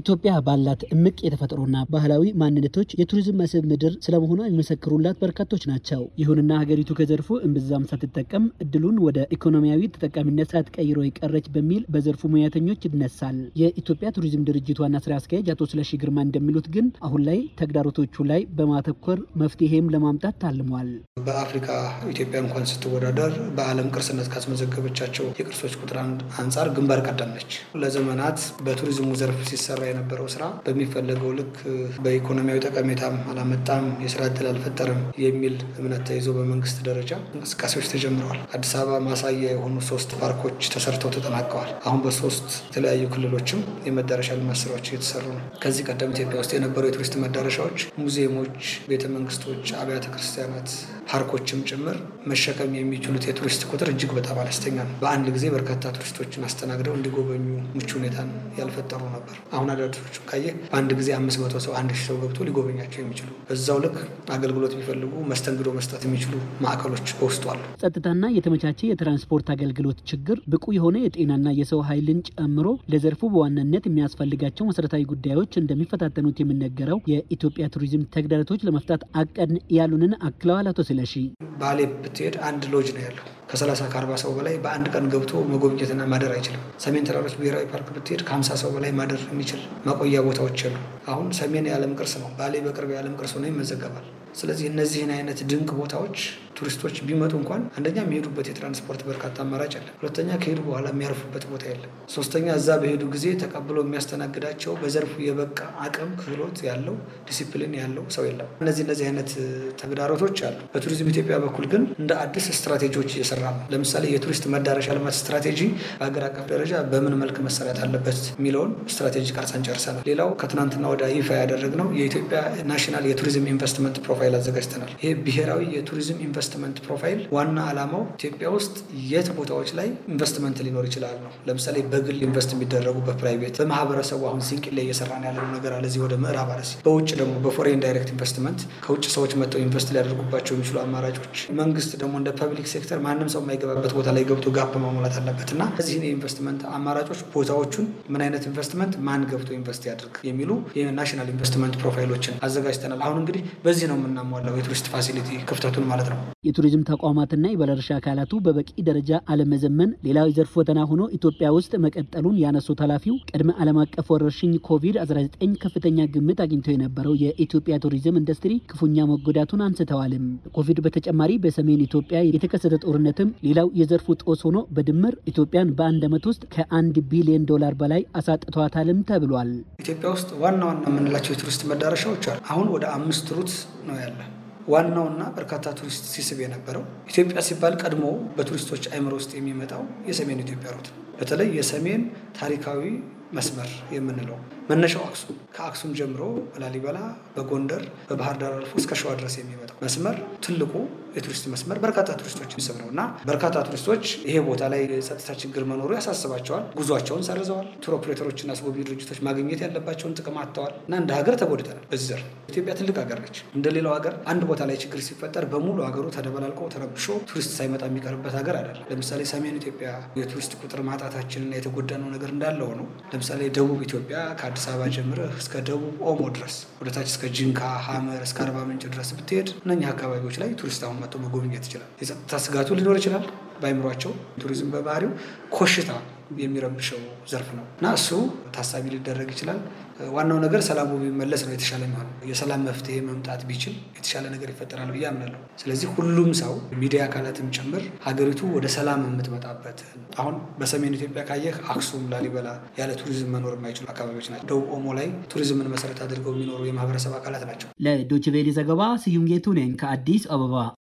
ኢትዮጵያ ባላት እምቅ የተፈጥሮና ባህላዊ ማንነቶች የቱሪዝም መስህብ ምድር ስለመሆኗ የሚመሰክሩላት በርካቶች ናቸው። ይሁንና ሀገሪቱ ከዘርፉ እምብዛም ሳትጠቀም እድሉን ወደ ኢኮኖሚያዊ ተጠቃሚነት ሳትቀይሮ የቀረች በሚል በዘርፉ ሙያተኞች ይነሳል። የኢትዮጵያ ቱሪዝም ድርጅት ዋና ስራ አስኪያጅ አቶ ስለሺ ግርማ እንደሚሉት ግን አሁን ላይ ተግዳሮቶቹ ላይ በማተኮር መፍትሄም ለማምጣት ታልሟል። በአፍሪካ ኢትዮጵያ እንኳን ስትወዳደር በዓለም ቅርስነት ካስመዘገበቻቸው የቅርሶች ቁጥር አንጻር ግንባር ቀደም ነች። ለዘመናት በቱሪዝሙ ዘርፍ ሲሰራ የነበረው ስራ በሚፈለገው ልክ በኢኮኖሚያዊ ጠቀሜታም አላመጣም፣ የስራ እድል አልፈጠረም የሚል እምነት ተይዞ በመንግስት ደረጃ እንቅስቃሴዎች ተጀምረዋል። አዲስ አበባ ማሳያ የሆኑ ሶስት ፓርኮች ተሰርተው ተጠናቀዋል። አሁን በሶስት የተለያዩ ክልሎችም የመዳረሻ ልማት ስራዎች እየተሰሩ ነው። ከዚህ ቀደም ኢትዮጵያ ውስጥ የነበሩ የቱሪስት መዳረሻዎች ሙዚየሞች፣ ቤተ መንግስቶች፣ አብያተ ክርስቲያናት፣ ፓርኮችም ጭምር መሸከም የሚችሉት የቱሪስት ቁጥር እጅግ በጣም አነስተኛ ነው። በአንድ ጊዜ በርካታ ቱሪስቶችን አስተናግደው እንዲጎበኙ ምቹ ሁኔታን ያልፈጠሩ ነበር። አሁን ማደራደሮች ካየ በአንድ ጊዜ አምስት መቶ ሰው አንድ ሺህ ሰው ገብቶ ሊጎበኛቸው የሚችሉ በዛው ልክ አገልግሎት የሚፈልጉ መስተንግዶ መስጠት የሚችሉ ማዕከሎች በውስጡ አሉ። ጸጥታና የተመቻቸ የትራንስፖርት አገልግሎት ችግር ብቁ የሆነ የጤናና የሰው ኃይልን ጨምሮ ለዘርፉ በዋናነት የሚያስፈልጋቸው መሰረታዊ ጉዳዮች እንደሚፈታተኑት የሚነገረው የኢትዮጵያ ቱሪዝም ተግዳሮቶች ለመፍታት አቀድን ያሉንን አክለዋል አቶ ስለሺ። ባሌ ብትሄድ አንድ ሎጅ ነው ያለው ከሰላሳ ከአርባ ሰው በላይ በአንድ ቀን ገብቶ መጎብኘትና ማደር አይችልም። ሰሜን ተራሮች ብሔራዊ ፓርክ ብትሄድ ከሀምሳ ሰው በላይ ማደር የሚችል ማቆያ ቦታዎች አሉ። አሁን ሰሜን የዓለም ቅርስ ነው። ባሌ በቅርብ የዓለም ቅርስ ሆኖ ይመዘገባል። ስለዚህ እነዚህን አይነት ድንቅ ቦታዎች ቱሪስቶች ቢመጡ እንኳን አንደኛ የሚሄዱበት የትራንስፖርት በርካታ አማራጭ አለ። ሁለተኛ ከሄዱ በኋላ የሚያርፉበት ቦታ የለም። ሶስተኛ እዛ በሄዱ ጊዜ ተቀብሎ የሚያስተናግዳቸው በዘርፉ የበቃ አቅም ክህሎት ያለው ዲሲፕሊን ያለው ሰው የለም። እነዚህ እነዚህ አይነት ተግዳሮቶች አሉ። በቱሪዝም ኢትዮጵያ በኩል ግን እንደ አዲስ ስትራቴጂዎች እየሰራ ነው። ለምሳሌ የቱሪስት መዳረሻ ልማት ስትራቴጂ በሀገር አቀፍ ደረጃ በምን መልክ መሰራት አለበት የሚለውን ስትራቴጂ ቀርጸን ጨርሰናል። ሌላው ከትናንትና ወደ ይፋ ያደረግነው የኢትዮጵያ ናሽናል የቱሪዝም ኢንቨስትመንት ፕሮ ፕሮፋይል አዘጋጅተናል። ይህ ብሔራዊ የቱሪዝም ኢንቨስትመንት ፕሮፋይል ዋና ዓላማው ኢትዮጵያ ውስጥ የት ቦታዎች ላይ ኢንቨስትመንት ሊኖር ይችላል ነው። ለምሳሌ በግል ኢንቨስት የሚደረጉ በፕራይቬት፣ በማህበረሰቡ አሁን ሲንቅ ላይ እየሰራን ያለው ነገር አለ። እዚህ ወደ ምዕራብ አርሲ፣ በውጭ ደግሞ በፎሬን ዳይሬክት ኢንቨስትመንት ከውጭ ሰዎች መጥተው ኢንቨስት ሊያደርጉባቸው የሚችሉ አማራጮች፣ መንግስት ደግሞ እንደ ፐብሊክ ሴክተር ማንም ሰው የማይገባበት ቦታ ላይ ገብቶ ጋፕ መሙላት አለበት እና እዚህ የኢንቨስትመንት አማራጮች ቦታዎቹን ምን አይነት ኢንቨስትመንት ማን ገብቶ ኢንቨስት ያድርግ የሚሉ የናሽናል ኢንቨስትመንት ፕሮፋይሎችን አዘጋጅተናል። አሁን እንግዲህ በዚህ ነው የምናሟላው የቱሪስት ፋሲሊቲ ክፍተቱን ማለት ነው። የቱሪዝም ተቋማትና የባለድርሻ አካላቱ በበቂ ደረጃ አለመዘመን ሌላው የዘርፍ ፈተና ሆኖ ኢትዮጵያ ውስጥ መቀጠሉን ያነሱት ኃላፊው ቅድመ ዓለም አቀፍ ወረርሽኝ ኮቪድ-19 ከፍተኛ ግምት አግኝቶ የነበረው የኢትዮጵያ ቱሪዝም ኢንዱስትሪ ክፉኛ መጎዳቱን አንስተዋልም። ኮቪድ በተጨማሪ በሰሜን ኢትዮጵያ የተከሰተ ጦርነትም ሌላው የዘርፉ ጦስ ሆኖ በድምር ኢትዮጵያን በአንድ ዓመት ውስጥ ከአንድ ቢሊዮን ዶላር በላይ አሳጥቷታልም ተብሏል። ኢትዮጵያ ውስጥ ዋና ዋና የምንላቸው የቱሪስት መዳረሻዎች አሉ። አሁን ወደ አምስት ሩት ነው ያለ ዋናውና በርካታ ቱሪስት ሲስብ የነበረው ኢትዮጵያ ሲባል ቀድሞ በቱሪስቶች አይምሮ ውስጥ የሚመጣው የሰሜን ኢትዮጵያ ሩት ነው። በተለይ የሰሜን ታሪካዊ መስመር የምንለው መነሻው አክሱም ከአክሱም ጀምሮ በላሊበላ በጎንደር በባህር ዳር አልፎ እስከ ሸዋ ድረስ የሚመጣው መስመር ትልቁ የቱሪስት መስመር በርካታ ቱሪስቶች የሚስብ ነው እና በርካታ ቱሪስቶች ይሄ ቦታ ላይ የጸጥታ ችግር መኖሩ ያሳስባቸዋል። ጉዟቸውን ሰርዘዋል። ቱር ኦፕሬተሮችና አስጎብኚ ድርጅቶች ማግኘት ያለባቸውን ጥቅም አጥተዋል እና እንደ ሀገር ተጎድተናል። በዘር ኢትዮጵያ ትልቅ ሀገር ነች። እንደ ሌላው ሀገር አንድ ቦታ ላይ ችግር ሲፈጠር በሙሉ ሀገሩ ተደበላልቆ ተረብሾ ቱሪስት ሳይመጣ የሚቀርበት ሀገር አይደለም። ለምሳሌ ሰሜን ኢትዮጵያ የቱሪስት ቁጥር ማጣታችንና የተጎዳነው ነገር እንዳለ ሆኖ ለምሳሌ ደቡብ ኢትዮጵያ ከአዲስ ከአዲስ አበባ ጀምረህ እስከ ደቡብ ኦሞ ድረስ ወደታች እስከ ጅንካ፣ ሀመር እስከ አርባ ምንጭ ድረስ ብትሄድ እነኛ አካባቢዎች ላይ ቱሪስት አሁን መጥቶ መጎብኘት ይችላል። የጸጥታ ስጋቱ ሊኖር ይችላል። በአይምሯቸው ቱሪዝም በባህሪው ኮሽታ የሚረብሸው ዘርፍ ነው እና እሱ ታሳቢ ሊደረግ ይችላል። ዋናው ነገር ሰላሙ ቢመለስ ነው የተሻለ የሚሆነው። የሰላም መፍትሄ መምጣት ቢችል የተሻለ ነገር ይፈጠራል ብዬ አምናለሁ። ስለዚህ ሁሉም ሰው ሚዲያ አካላትም ጭምር ሀገሪቱ ወደ ሰላም የምትመጣበት አሁን በሰሜን ኢትዮጵያ ካየህ አክሱም፣ ላሊበላ ያለ ቱሪዝም መኖር የማይችሉ አካባቢዎች ናቸው። ደቡብ ኦሞ ላይ ቱሪዝምን መሰረት አድርገው የሚኖሩ የማህበረሰብ አካላት ናቸው። ለዶችቬሌ ዘገባ ስዩም ጌቱ ነኝ ከአዲስ አበባ።